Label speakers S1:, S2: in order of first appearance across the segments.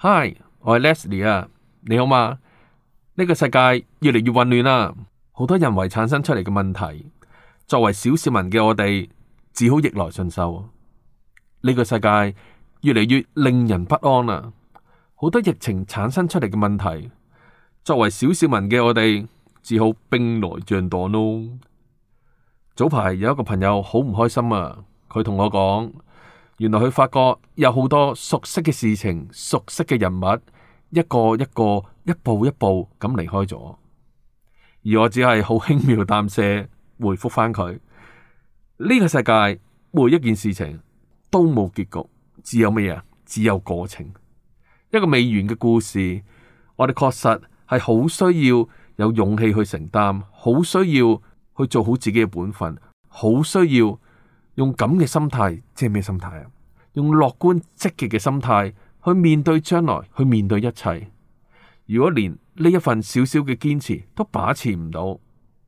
S1: 嗨，Hi, 我係 Leslie 啊，你好嘛？呢、這個世界越嚟越混亂啦，好多人為產生出嚟嘅問題，作為小，小市民嘅我哋只好逆來順受。呢、這個世界越嚟越令人不安啦，好多疫情產生出嚟嘅問題，作為小，小市民嘅我哋只好兵來將擋咯。早排有一個朋友好唔開心啊，佢同我講。原來佢發覺有好多熟悉嘅事情，熟悉嘅人物，一個一個，一步一步咁離開咗。而我只係好輕描淡寫回覆返佢：呢個世界每一件事情都冇結局，只有乜嘢啊？只有過程。一個未完嘅故事，我哋確實係好需要有勇氣去承擔，好需要去做好自己嘅本分，好需要。用咁嘅心態，即係咩心態啊？用樂觀積極嘅心態去面對將來，去面對一切。如果連呢一份少少嘅堅持都把持唔到，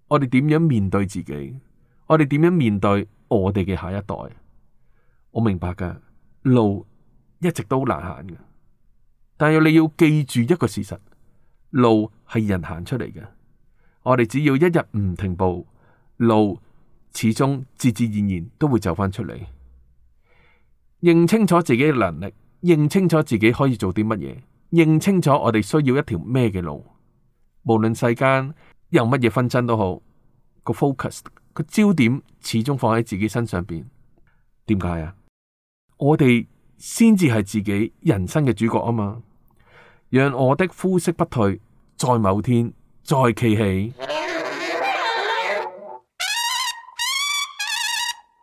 S1: 我哋點樣面對自己？我哋點樣面對我哋嘅下一代？我明白噶，路一直都難行嘅。但係你要記住一個事實，路係人行出嚟嘅。我哋只要一日唔停步，路。始終自自然然都會走翻出嚟。認清楚自己嘅能力，認清楚自己可以做啲乜嘢，認清楚我哋需要一條咩嘅路。無論世間有乜嘢紛爭都好，個 focus 個焦點始終放喺自己身上邊。點解啊？我哋先至係自己人生嘅主角啊嘛！讓我的膚色不退，在某天再企起。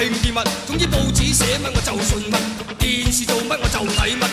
S2: 聽疑問，總之報紙寫乜我就信乜，電視做乜我就睇乜。